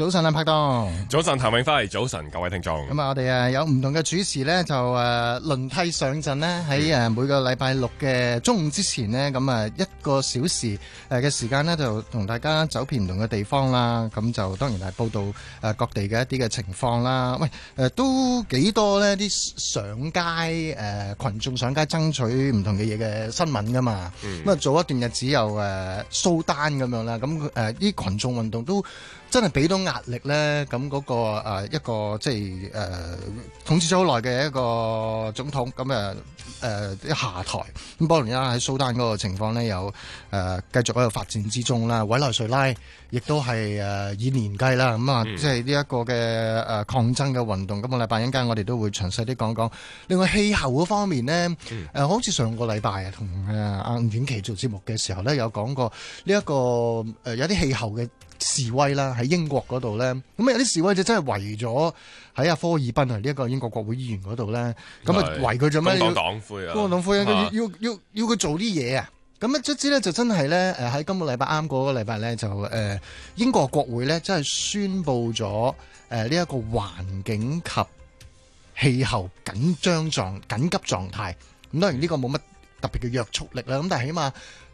早晨，啊，拍檔，早晨譚永輝，早晨各位聽眾。咁啊，我哋啊有唔同嘅主持咧，就誒輪替上陣咧，喺誒每個禮拜六嘅中午之前呢，咁啊一個小時誒嘅時間咧，就同大家走遍唔同嘅地方啦。咁就當然係報道誒各地嘅一啲嘅情況啦。喂，誒都幾多呢啲上街誒群眾上街爭取唔同嘅嘢嘅新聞噶嘛。咁啊，早一段日子有誒蘇丹咁樣啦。咁誒啲群眾運動都。真係俾到壓力咧，咁、那、嗰個、呃、一個即係誒、呃、統治咗好耐嘅一個總統，咁、呃、誒下台。咁波蘭依喺蘇丹嗰個情況咧，有誒、呃、繼續喺度發展之中啦。委內瑞拉亦都係誒、呃、以年計啦，咁、呃、啊即係呢一個嘅誒、呃、抗爭嘅運動。咁、嗯、個禮拜一陣間，我哋都會詳細啲講講。另外氣候嗰方面咧、嗯呃，好似上個禮拜啊，同誒阿吳婉琪做節目嘅時候咧，有講過呢、這個呃、一個有啲氣候嘅。示威啦，喺英國嗰度咧，咁啊有啲示威者真係圍咗喺阿科爾賓啊呢一個英國國會議員嗰度咧，咁啊圍佢做咩？工黨黨魁啊，工黨黨魁要要要佢做啲嘢啊！咁啊卒之咧就真係咧，誒喺今個禮拜啱嗰個禮拜咧就誒英國國會咧真係宣布咗誒呢一個環境及氣候緊張狀緊急狀態。咁當然呢個冇乜特別嘅約束力啦，咁但係起碼。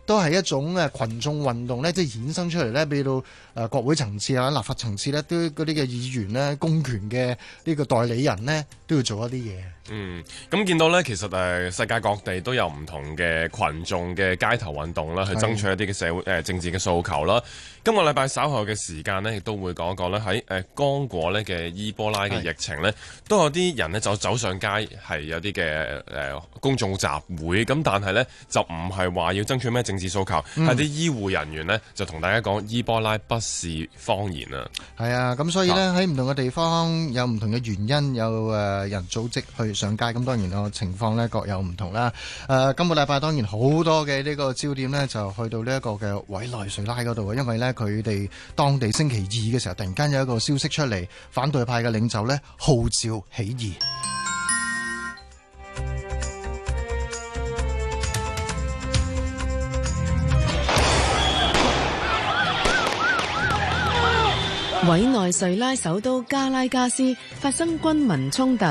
都係一種誒群眾運動咧，即係衍生出嚟，咧俾到誒國會層次啊、立法層次咧，都嗰啲嘅議員咧、公權嘅呢個代理人咧，都要做一啲嘢。嗯，咁見到咧，其實誒、啊、世界各地都有唔同嘅群眾嘅街頭運動啦，去爭取一啲嘅社會誒、呃、政治嘅訴求啦。今個禮拜稍後嘅時間咧，亦都會講一講咧喺誒剛果咧嘅伊波拉嘅疫情咧，都有啲人咧就走上街，係有啲嘅誒公眾集會咁，但係咧就唔係話要爭取咩政。政治訴求，係啲醫護人員呢，就同大家講：伊波拉不是方言係啊！係啊，咁所以呢，喺唔同嘅地方有唔同嘅原因，有誒、呃、人組織去上街。咁當然個情況呢各有唔同啦。誒、呃、今個禮拜當然好多嘅呢個焦點呢，就去到呢一個嘅委內瑞拉嗰度啊，因為呢，佢哋當地星期二嘅時候突然間有一個消息出嚟，反對派嘅領袖呢號召起義。委內瑞拉首都加拉加斯發生軍民衝突。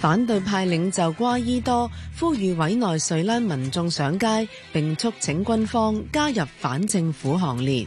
反對派領袖瓜伊多呼籲委內瑞拉民眾上街，並促請軍方加入反政府行列。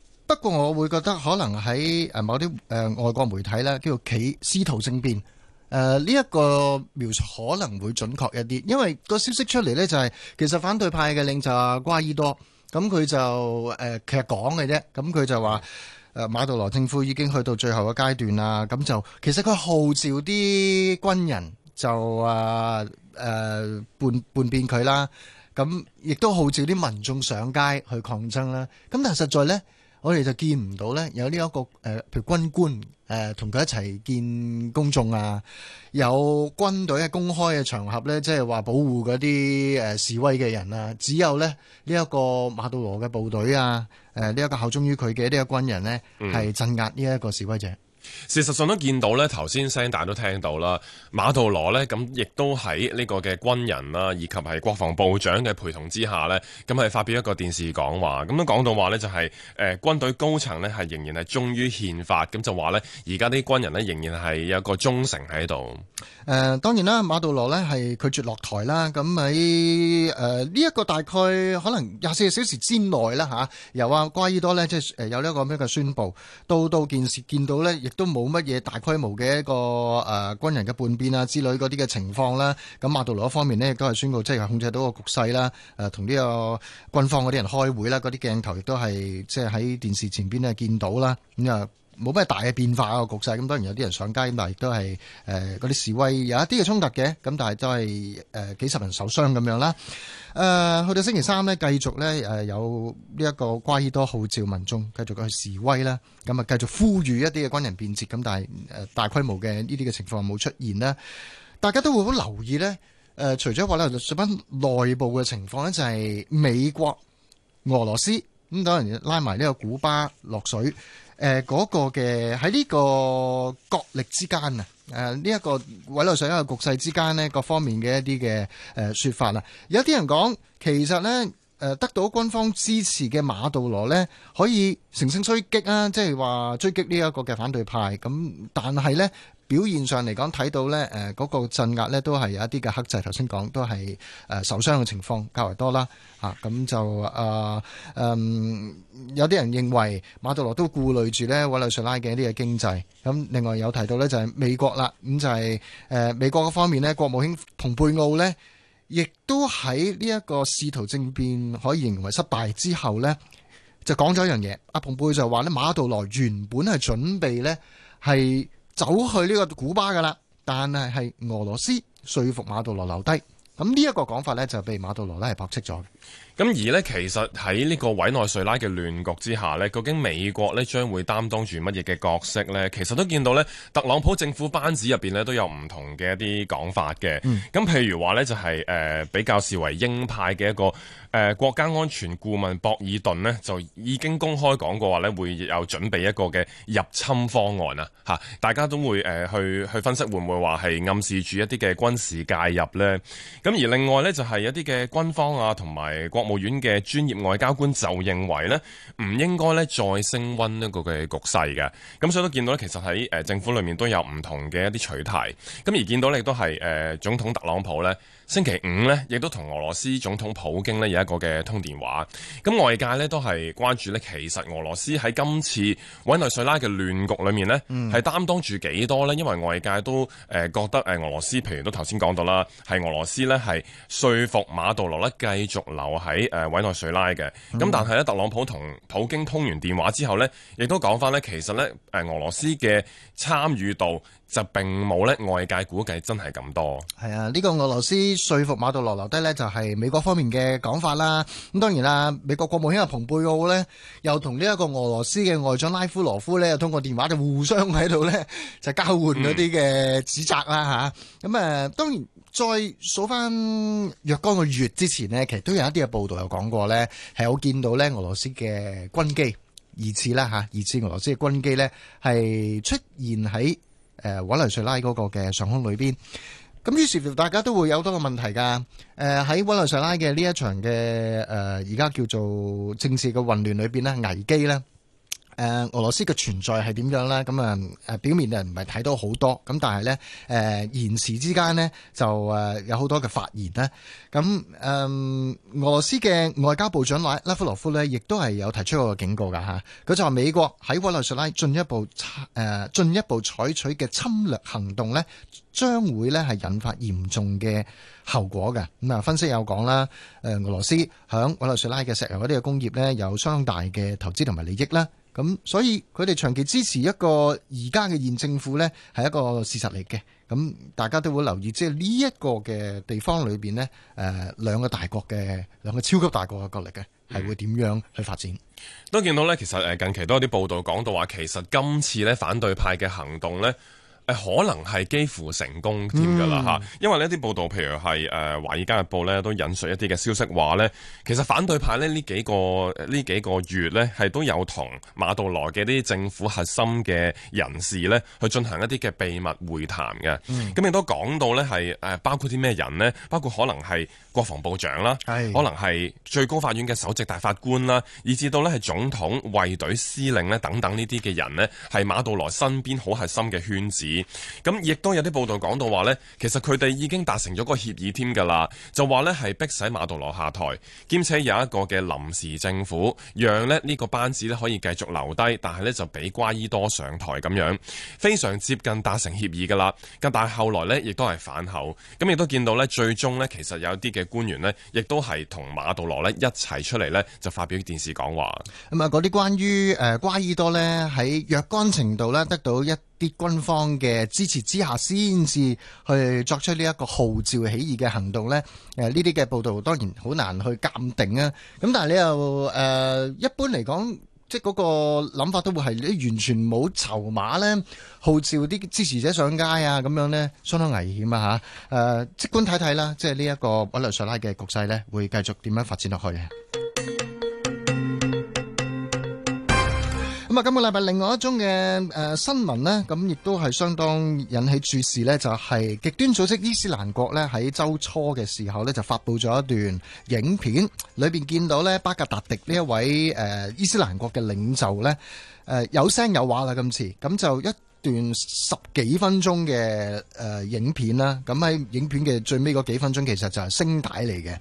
不過我會覺得可能喺誒某啲誒外國媒體咧叫做企圖政變誒呢一個描述可能會準確一啲，因為個消息出嚟咧就係其實反對派嘅領袖阿瓜伊多咁佢就誒其實講嘅啫，咁佢就話誒馬杜羅政府已經去到最後嘅階段啦，咁就其實佢號召啲軍人就啊誒叛叛變佢啦，咁亦都號召啲民眾上街去抗爭啦，咁但係實在咧。我哋就見唔到咧，這個，有呢一個誒，譬如軍官誒同佢一齊見公眾啊，有軍隊喺公開嘅場合咧，即係話保護嗰啲誒示威嘅人啊，只有咧呢一個馬杜羅嘅部隊啊，誒呢一個效忠於佢嘅呢個軍人咧係鎮壓呢一、嗯、個示威者。事實上都見到咧，頭先聲帶都聽到啦，馬杜羅咧咁亦都喺呢個嘅軍人啦，以及係國防部長嘅陪同之下呢，咁係發表一個電視講話。咁樣講到話呢，就係誒軍隊高層呢，係仍然係忠於憲法，咁就話呢，而家啲軍人呢，仍然係有一個忠誠喺度。誒、呃，當然啦，馬杜羅呢，係拒絕落台啦。咁喺誒呢一個大概可能廿四小時之內啦吓，由阿、啊、瓜伊多呢，即係誒有呢一個咩嘅宣布，到到件事見到呢。都冇乜嘢大規模嘅一個誒軍人嘅叛變啊之類嗰啲嘅情況啦，咁馬杜羅一方面呢，亦都係宣告即係控制到個局勢啦，誒同呢個軍方嗰啲人開會啦，嗰啲鏡頭亦都係即係喺電視前邊呢見到啦，咁啊。冇咩大嘅變化個、啊、局勢，咁當然有啲人上街，但亦都係嗰啲示威有一啲嘅衝突嘅，咁但係都係誒、呃、幾十人受傷咁樣啦。誒、呃、去到星期三呢，繼續呢，有呢一個瓜伊多號召民眾繼續去示威啦，咁啊繼續呼籲一啲嘅軍人變節。咁但係、呃、大規模嘅呢啲嘅情況冇出現啦。大家都會好留意呢、呃，除咗話呢，日本內部嘅情況呢，就係美國、俄羅斯。咁當然拉埋呢個古巴落水，嗰、呃那個嘅喺呢個角力之間啊，呢、呃、一、這個委內瑞拉一個局勢之間呢，各方面嘅一啲嘅誒說法啦，有啲人講其實呢、呃、得到軍方支持嘅馬杜羅呢，可以乘勝追擊啊，即係話追擊呢一個嘅反對派咁，但係呢。表現上嚟講，睇到咧，誒嗰個鎮壓咧都係有一啲嘅克制。頭先講都係誒受傷嘅情況較為多啦，啊咁就啊誒、呃嗯、有啲人認為馬杜羅都顧慮住咧委內瑞拉嘅一啲嘅經濟。咁另外有提到咧就係美國啦，咁就係、是、誒、呃、美國嘅方面呢，國務卿蓬佩奧咧亦都喺呢一個試圖政變可以認為失敗之後咧，就講咗一樣嘢。阿蓬佩就話咧，馬杜羅原本係準備咧係。是走去呢個古巴㗎喇，但係係俄羅斯說服馬杜羅留低，咁呢一個講法咧就被馬杜羅咧係駁斥咗。咁而呢，其實喺呢個委內瑞拉嘅亂局之下呢，究竟美國呢將會擔當住乜嘢嘅角色呢？其實都見到呢，特朗普政府班子入邊呢都有唔同嘅一啲講法嘅。咁、嗯、譬如話呢，就係誒比較視為鷹派嘅一個誒國家安全顧問博爾頓呢，就已經公開講過話呢會有準備一個嘅入侵方案啊。吓，大家都會誒去去分析會唔會話係暗示住一啲嘅軍事介入呢？咁而另外呢，就係一啲嘅軍方啊，同埋，誒國務院嘅專業外交官就認為咧，唔應該咧再升溫一個嘅局勢嘅，咁所以都見到咧，其實喺誒政府裏面都有唔同嘅一啲取態，咁而見到咧亦都係誒、呃、總統特朗普咧。星期五呢，亦都同俄羅斯總統普京呢有一個嘅通電話。咁外界呢，都係關注呢。其實俄羅斯喺今次委內瑞拉嘅亂局裏面呢，係、嗯、擔當住幾多呢？因為外界都誒覺得誒俄羅斯，譬如都頭先講到啦，係俄羅斯呢係説服馬杜羅呢繼續留喺誒委內瑞拉嘅。咁、嗯、但係咧，特朗普同普京通完電話之後呢，亦都講翻呢。其實呢，誒俄羅斯嘅參與度。就並冇咧，外界估計真係咁多。係啊，呢個俄羅斯說服馬杜羅留低呢就係美國方面嘅講法啦。咁當然啦，美國國務卿蓬佩奧呢，又同呢一個俄羅斯嘅外長拉夫羅夫呢，又通過電話就互相喺度呢，就交換嗰啲嘅指責啦吓，咁誒，當然再數翻若干個月之前呢，其實都有一啲嘅報道有講過呢，係我見到呢俄羅斯嘅軍機二次啦吓，二次俄羅斯嘅軍機呢，係出現喺。誒、呃，委內瑞拉嗰個嘅上空裏邊，咁於是大家都會有多個問題噶。誒、呃，喺委內瑞拉嘅呢一場嘅誒，而、呃、家叫做政治嘅混亂裏邊咧，危機咧。誒、嗯，俄羅斯嘅存在係點樣咧？咁啊，誒，表面啊唔係睇到好多，咁但係咧，誒、呃，言辭之間呢就誒有好多嘅發言咧。咁、嗯、誒，俄羅斯嘅外交部長拉拉夫羅夫呢亦都係有提出個警告噶吓。佢、啊、就話美國喺委內瑞拉進一步誒進、呃、一步採取嘅侵略行動呢將會呢係引發嚴重嘅後果嘅。咁、嗯、啊，分析有講啦，誒、呃，俄羅斯響委內瑞拉嘅石油嗰啲嘅工業呢有相當大嘅投資同埋利益啦。咁所以佢哋長期支持一個而家嘅現政府呢係一個事實嚟嘅。咁大家都會留意，即係呢一個嘅地方裏邊呢誒、呃、兩個大國嘅兩個超級大國嘅國力嘅，係會點樣去發展？嗯、都見到呢，其實誒近期都有啲報道講到話，其實今次呢反對派嘅行動呢。誒，可能係幾乎成功添㗎喇嚇，因為呢啲報道，譬如係誒、呃《華爾街日報》咧，都引述一啲嘅消息話咧，其實反對派咧呢幾個呢幾個月咧，係都有同馬杜羅嘅啲政府核心嘅人士咧，去進行一啲嘅秘密會談嘅。咁亦都講到咧係誒，包括啲咩人呢？包括可能係國防部長啦，係可能係最高法院嘅首席大法官啦，以至到咧係總統、衛隊司令咧等等呢啲嘅人呢，係馬杜羅身邊好核心嘅圈子。咁亦都有啲報道講到話呢，其實佢哋已經達成咗個協議添噶啦，就話呢係逼使馬杜羅下台，兼且有一個嘅臨時政府，讓呢個班子呢可以繼續留低，但係呢就俾瓜伊多上台咁樣，非常接近達成協議噶啦。咁但係後來呢，亦都係反口，咁亦都見到呢，最終呢，其實有啲嘅官員呢，亦都係同馬杜羅呢一齊出嚟呢，就發表電視講話。咁啊，嗰啲關於誒瓜伊多呢，喺若干程度呢得到一。啲軍方嘅支持之下，先至去作出呢一個號召起義嘅行動咧。誒、呃，呢啲嘅報道當然好難去鑑定啊。咁但係你又誒、呃，一般嚟講，即係嗰個諗法都會係你完全冇籌碼咧，號召啲支持者上街啊，咁樣咧相當危險啊嚇。誒、啊，即管睇睇啦，即係呢一個委內瑞拉嘅局勢咧，會繼續點樣發展落去。咁啊，今個禮拜另外一宗嘅誒新聞呢，咁亦都係相當引起注視呢，就係極端組織伊斯蘭國呢，喺周初嘅時候呢，就發布咗一段影片，裏邊見到呢，巴格達迪呢一位誒伊斯蘭國嘅領袖呢，誒有聲有話啦。今次咁就一段十幾分鐘嘅誒影片啦。咁喺影片嘅最尾嗰幾分鐘，其實就係聲帶嚟嘅。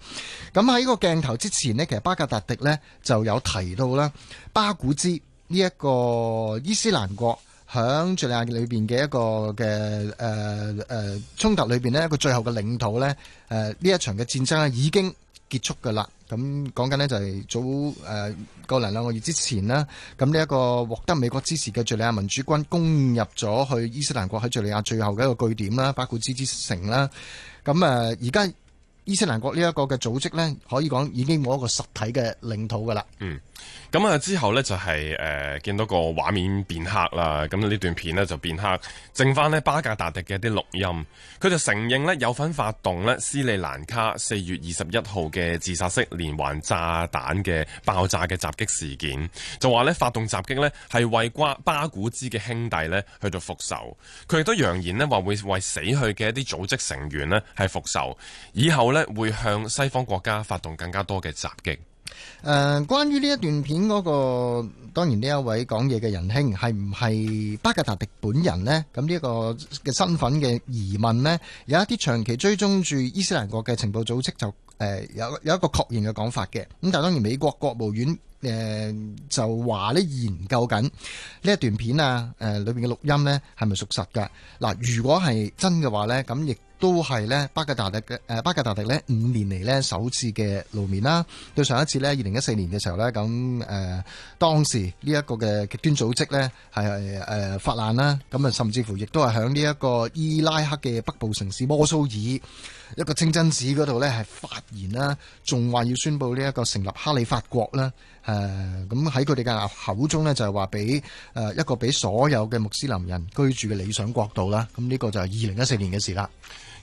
咁喺個鏡頭之前呢，其實巴格達迪呢就有提到啦，巴古茲。呢、這、一個伊斯蘭國喺敍利亞裏邊嘅一個嘅誒誒衝突裏邊咧，一個最後嘅領土呢，誒、呃、呢一場嘅戰爭咧已經結束噶啦。咁講緊呢，就係早誒過嚟兩個月之前啦。咁呢一個獲得美國支持嘅敍利亞民主軍攻入咗去伊斯蘭國喺敍利亞最後嘅一個據點啦，巴古茲之城啦。咁誒而家伊斯蘭國呢一個嘅組織呢，可以講已經冇一個實體嘅領土噶啦。嗯。咁啊之後呢、就是，就係誒見到個畫面變黑啦，咁呢段片呢，就變黑，剩翻呢巴格達迪嘅一啲錄音。佢就承認呢有份發動呢斯里蘭卡四月二十一號嘅自殺式連環炸彈嘅爆炸嘅襲擊事件，就話呢發動襲擊呢係為瓜巴古茲嘅兄弟呢去到復仇。佢亦都揚言呢話會為死去嘅一啲組織成員呢係復仇，以後呢，會向西方國家發動更加多嘅襲擊。誒、呃，關於呢一段片嗰、那個，當然呢一位講嘢嘅仁兄係唔係巴格達迪本人呢？咁呢個嘅身份嘅疑問呢，有一啲長期追蹤住伊斯蘭國嘅情報組織就誒有、呃、有一個確認嘅講法嘅。咁但係當然美國國務院誒、呃、就話研究緊呢一段片啊，誒裏邊嘅錄音呢係咪屬實噶？嗱、呃，如果係真嘅話呢，咁亦。都係呢，巴格達迪嘅誒，巴格達迪呢，五年嚟呢首次嘅露面啦。對上一次呢，二零一四年嘅時候呢，咁誒當時呢一個嘅極端組織呢，係誒發難啦。咁啊，甚至乎亦都係喺呢一個伊拉克嘅北部城市摩蘇爾一個清真寺嗰度呢，係發言啦，仲話要宣佈呢一個成立哈里發國啦。誒咁喺佢哋嘅口中呢，就係話俾誒一個俾所有嘅穆斯林人居住嘅理想國度啦。咁、這、呢個就係二零一四年嘅事啦。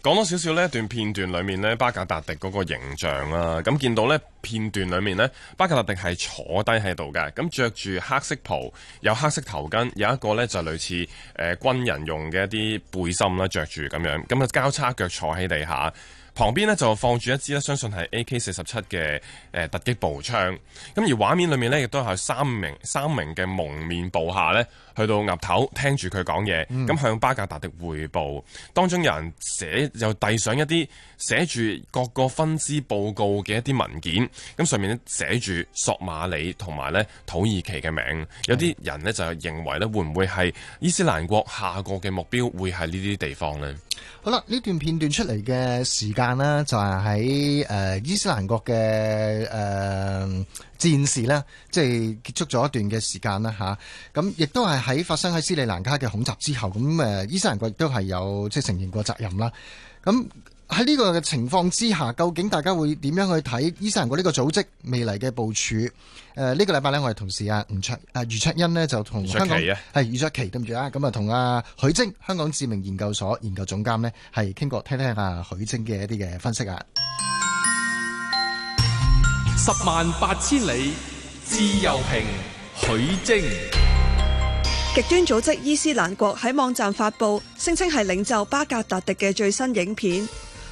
講多少少呢一段片段裏面呢，巴格達迪嗰個形象啦、啊，咁見到呢片段裏面呢，巴格達迪係坐低喺度嘅，咁着住黑色袍，有黑色頭巾，有一個呢就是、類似誒、呃、軍人用嘅一啲背心啦，着住咁樣，咁啊交叉腳坐喺地下，旁邊呢就放住一支相信係 AK 四十七嘅誒突擊步槍，咁而畫面裏面呢，亦都有三名三名嘅蒙面部下呢。去到額頭聽住佢講嘢，咁向巴格達的匯報、嗯。當中有人寫又遞上一啲寫住各個分支報告嘅一啲文件，咁上面咧寫住索馬里同埋咧土耳其嘅名。有啲人呢，就認為咧會唔會係伊斯蘭國下個嘅目標會係呢啲地方呢？好啦，呢段片段出嚟嘅時間啦，就係喺誒伊斯蘭國嘅誒戰事咧，即係結束咗一段嘅時間啦，嚇。咁亦都係喺發生喺斯里蘭卡嘅恐襲之後，咁誒，伊斯蘭國亦都係有即係承認過責任啦。咁喺呢個嘅情況之下，究竟大家會點樣去睇伊斯蘭國呢個組織未來嘅部署？誒、呃，呢、這個禮拜呢，我哋同事啊，吳卓，阿馮卓恩咧就同香港係余卓琪對唔住啊，咁啊同阿許楨，香港智明研究所研究總監呢，係傾過，聽聽下許楨嘅一啲嘅分析啊。十萬八千里，自由評許楨，極端組織伊斯蘭國喺網站發布，聲稱係領袖巴格達迪嘅最新影片。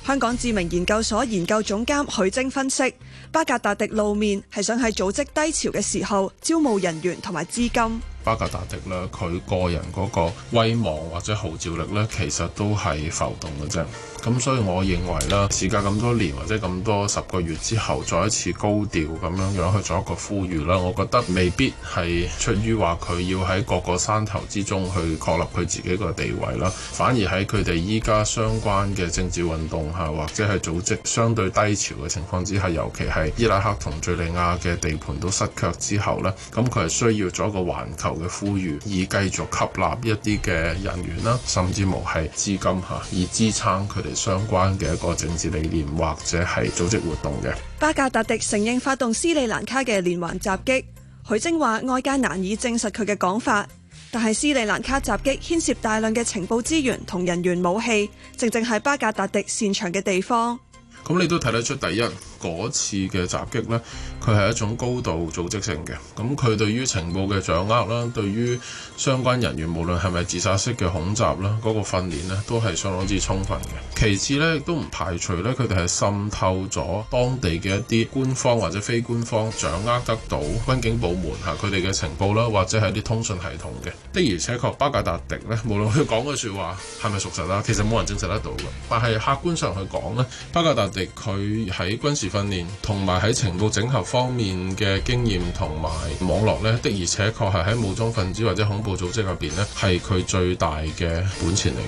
香港智明研究所研究總監許楨分析，巴格達迪露面係想喺組織低潮嘅時候招募人員同埋資金。巴格達迪呢，佢個人嗰個威望或者號召力呢，其實都係浮動嘅啫。咁所以我認為啦，時隔咁多年或者咁多十個月之後再一次高調咁樣樣去做一個呼籲啦，我覺得未必係出於話，佢要喺各個山頭之中去確立佢自己個地位啦，反而喺佢哋依家相關嘅政治運動下或者係組織相對低潮嘅情況之下，尤其係伊拉克同敘利亞嘅地盤都失卻之後咧，咁佢係需要做一個環球嘅呼籲，以繼續吸納一啲嘅人員啦，甚至無係資金吓，以支撐佢哋。相關嘅一個政治理念或者係組織活動嘅。巴格達迪承認發動斯里蘭卡嘅連環襲擊，許楨話外界難以證實佢嘅講法，但係斯里蘭卡襲擊牽涉大量嘅情報資源同人員武器，正正係巴格達迪擅長嘅地方。咁你都睇得出，第一嗰次嘅襲擊呢。佢係一種高度組織性嘅，咁佢對於情報嘅掌握啦，對於相關人員無論係咪自殺式嘅恐襲啦，嗰個訓練呢，都係相當之充分嘅。其次呢，亦都唔排除呢，佢哋係滲透咗當地嘅一啲官方或者非官方掌握得到軍警部門嚇佢哋嘅情報啦，或者係一啲通訊系統嘅。的而且確巴格達迪呢，無論佢講嘅說話係咪屬實啦，其實冇人證實得到嘅。但係客觀上去講呢，巴格達迪佢喺軍事訓練同埋喺情報整合方面嘅經驗同埋網絡呢，的而且確係喺武裝分子或者恐怖組織入邊呢，係佢最大嘅本錢嚟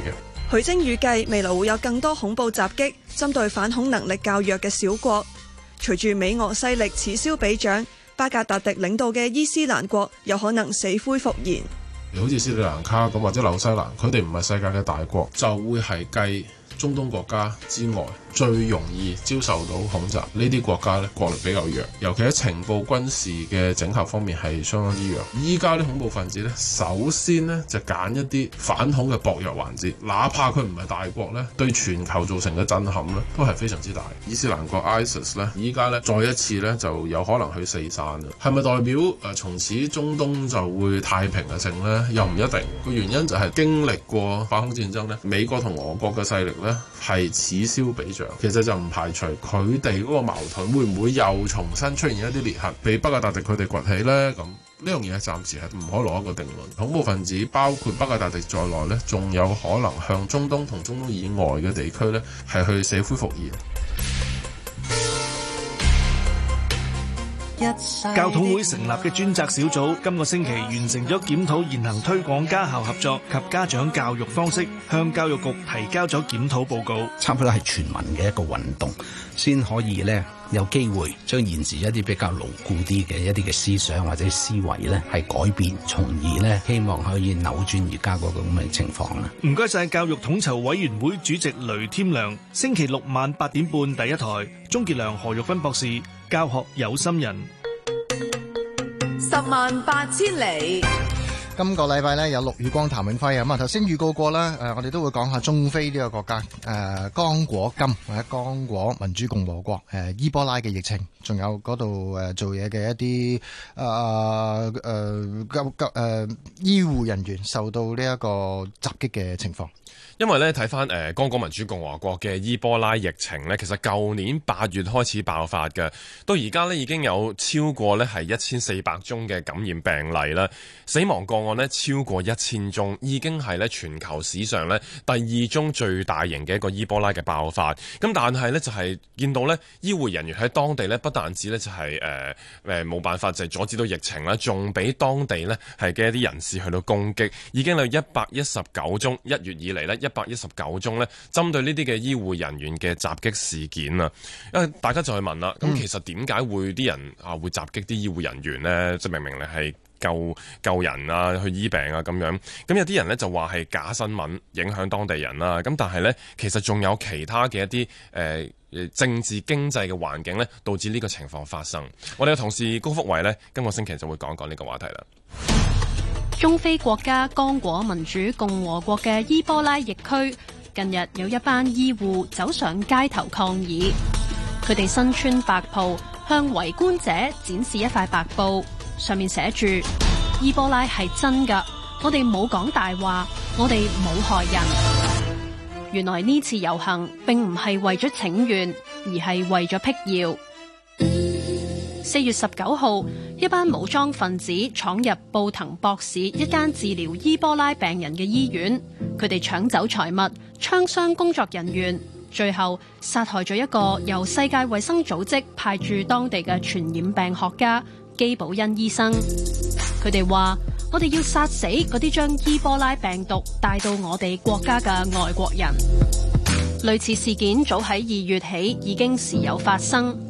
嘅。許楨預計未來會有更多恐怖襲擊針對反恐能力較弱嘅小國。隨住美俄勢力此消彼長，巴格達迪領導嘅伊斯蘭國有可能死灰復燃。好似斯里蘭卡咁或者紐西蘭，佢哋唔係世界嘅大國，就會係繼中東國家之外。最容易遭受到恐襲呢啲國家咧國力比較弱，尤其喺情報軍事嘅整合方面係相當之弱。依家啲恐怖分子咧，首先咧就揀一啲反恐嘅薄弱環節，哪怕佢唔係大國咧，對全球造成嘅震撼咧都係非常之大。伊斯蘭國 ISIS 咧，依家咧再一次咧就有可能去四散啊，係咪代表誒從呃此中東就會太平嘅啊成咧？又唔一定。個原因就係經歷過反恐戰爭咧，美國同俄國嘅勢力咧係此消彼長。其實就唔排除佢哋嗰個矛盾會唔會又重新出現一啲裂痕，被巴格達迪佢哋掘起呢？咁呢樣嘢暫時係唔可攞一個定論。恐怖分子包括巴格達迪在內呢，仲有可能向中東同中東以外嘅地區呢，係去死灰復燃。教統會成立嘅專責小組，今個星期完成咗檢討現行推廣家校合作及家長教育方式，向教育局提交咗檢討報告。差不多係全民嘅一個運動，先可以呢。有機會將現時一啲比較牢固啲嘅一啲嘅思想或者思維咧，係改變，從而咧希望可以扭轉而家個咁嘅情況啦。唔該晒，教育統籌委員會主席雷添良。星期六晚八點半第一台，鍾傑良、何玉芬博士，教學有心人。十萬八千里。今個禮拜咧有陸宇光、譚永輝、譚永輝啊，咁啊，頭先預告過啦，誒，我哋都會講下中非呢個國家，誒，剛果金或者剛果民主共和國，誒，伊波拉嘅疫情，仲有嗰度，誒做嘢嘅一啲誒誒，救救誒、呃、醫護人員受到呢一個襲擊嘅情況。因為咧睇翻誒剛果民主共和國嘅伊波拉疫情呢，其實舊年八月開始爆發嘅，到而家呢已經有超過呢係一千四百宗嘅感染病例啦，死亡個案呢超過一千宗，已經係呢全球史上呢第二宗最大型嘅一個伊波拉嘅爆發。咁但係呢就係見到呢醫護人員喺當地呢不但止呢就係誒誒冇辦法就係阻止到疫情啦，仲俾當地呢係嘅一啲人士去到攻擊，已經有一百一十九宗一月以嚟呢一百一十九宗咧，針對呢啲嘅醫護人員嘅襲擊事件啊，因為大家就去問啦，咁、嗯、其實點解會啲人啊會襲擊啲醫護人員呢？即明明你係救救人啊，去醫病啊咁樣，咁有啲人呢就話係假新聞影響當地人啦、啊。咁但係呢，其實仲有其他嘅一啲誒、呃、政治經濟嘅環境呢，導致呢個情況發生。我哋嘅同事高福慧呢，今個星期就會講一講呢個話題啦。中非國家剛果民主共和國嘅伊波拉疫區，近日有一班醫護走上街頭抗議，佢哋身穿白袍，向圍觀者展示一塊白布，上面寫住：伊波拉係真噶，我哋冇講大話，我哋冇害人。原來呢次遊行並唔係為咗請願，而係為咗闢謠。四月十九號，一班武裝分子闖入布滕博市一間治療伊波拉病人嘅醫院，佢哋搶走財物、槍傷工作人員，最後殺害咗一個由世界衛生組織派駐當地嘅傳染病學家基寶恩醫生。佢哋話：我哋要殺死嗰啲將伊波拉病毒帶到我哋國家嘅外國人。類似事件早喺二月起已經時有發生。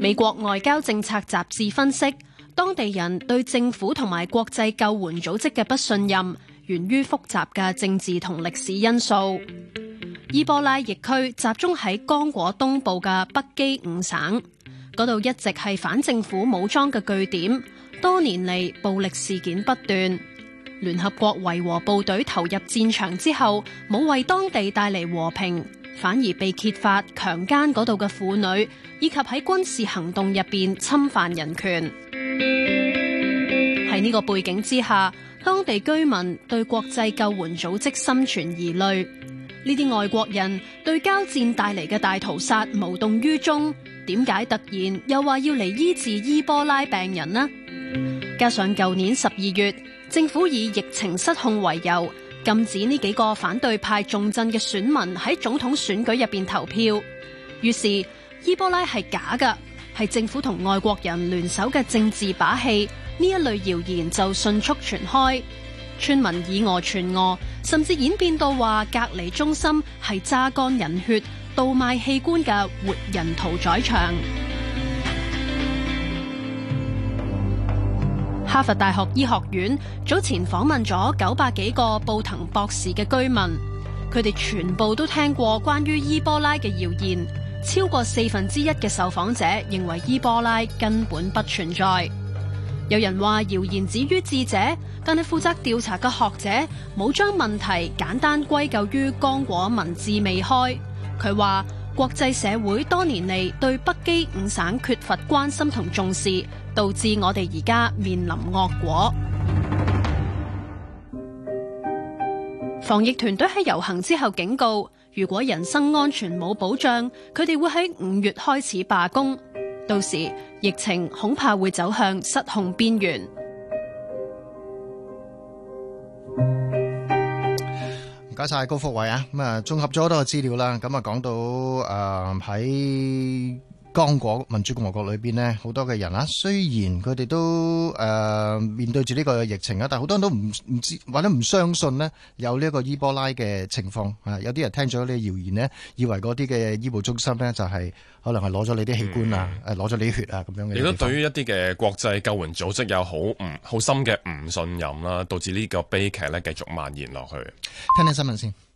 美國外交政策雜誌分析，當地人對政府同埋國際救援組織嘅不信任，源於複雜嘅政治同歷史因素。伊波拉疫區集中喺剛果東部嘅北基五省，嗰度一直係反政府武裝嘅據點，多年嚟，暴力事件不斷。聯合國維和部隊投入戰場之後，冇為當地帶嚟和平。反而被揭發強奸嗰度嘅婦女，以及喺軍事行動入邊侵犯人權。喺呢個背景之下，當地居民對國際救援組織心存疑慮。呢啲外國人對交戰帶嚟嘅大屠殺無動於衷，點解突然又話要嚟醫治伊波拉病人呢？加上舊年十二月，政府以疫情失控為由。禁止呢幾個反對派重鎮嘅選民喺總統選舉入邊投票，於是伊波拉係假噶，係政府同外國人聯手嘅政治把戲。呢一類謠言就迅速傳開，村民以訛傳訛，甚至演變到話隔離中心係榨乾人血、倒賣器官嘅活人屠宰場。哈佛大學醫學院早前訪問咗九百幾個布滕博士嘅居民，佢哋全部都聽過關於伊波拉嘅謠言。超過四分之一嘅受訪者認為伊波拉根本不存在。有人話謠言止於智者，但係負責調查嘅學者冇將問題簡單歸咎於剛果文字未開。佢話：國際社會多年嚟對北基五省缺乏關心同重視，導致我哋而家面臨惡果。防疫團隊喺遊行之後警告，如果人身安全冇保障，佢哋會喺五月開始罷工，到時疫情恐怕會走向失控邊緣。多謝晒高福慧啊，咁啊，綜合咗好多資料啦，咁、呃、啊，講到誒喺。剛果民主共和國裏邊呢，好多嘅人啦，雖然佢哋都誒、呃、面對住呢個疫情啊，但係好多人都唔唔知或者唔相信呢，有呢一個伊波拉嘅情況啊。有啲人聽咗呢個謠言呢，以為嗰啲嘅醫護中心呢、就是，就係可能係攞咗你啲器官、嗯、啊，攞咗你啲血啊咁樣。亦都對於一啲嘅國際救援組織有好唔好深嘅唔信任啦，導致呢個悲劇咧繼續蔓延落去。聽聽新聞先。